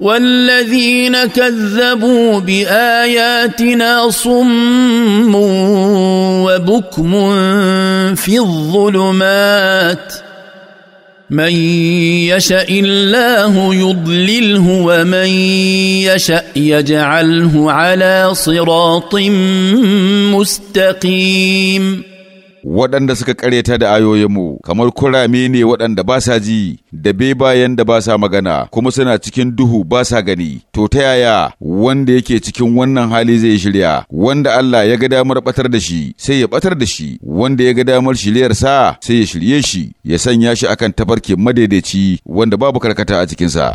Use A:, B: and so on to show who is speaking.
A: والذين كذبوا باياتنا صم وبكم في الظلمات من يشا الله يضلله ومن يشا يجعله على صراط مستقيم
B: waɗanda suka ƙareta da ayoyinmu kamar kurame ne waɗanda ba sa ji da bayan da ba sa magana kuma suna cikin duhu ba sa gani to ta yaya wanda yake cikin wannan hali zai shirya wanda Allah ya ga damar batar da shi sai ya batar da shi wanda ya ga damar shiryarsa sai ya shirye shi ya sanya shi akan tabarkin madaidaici wanda babu karkata a cikinsa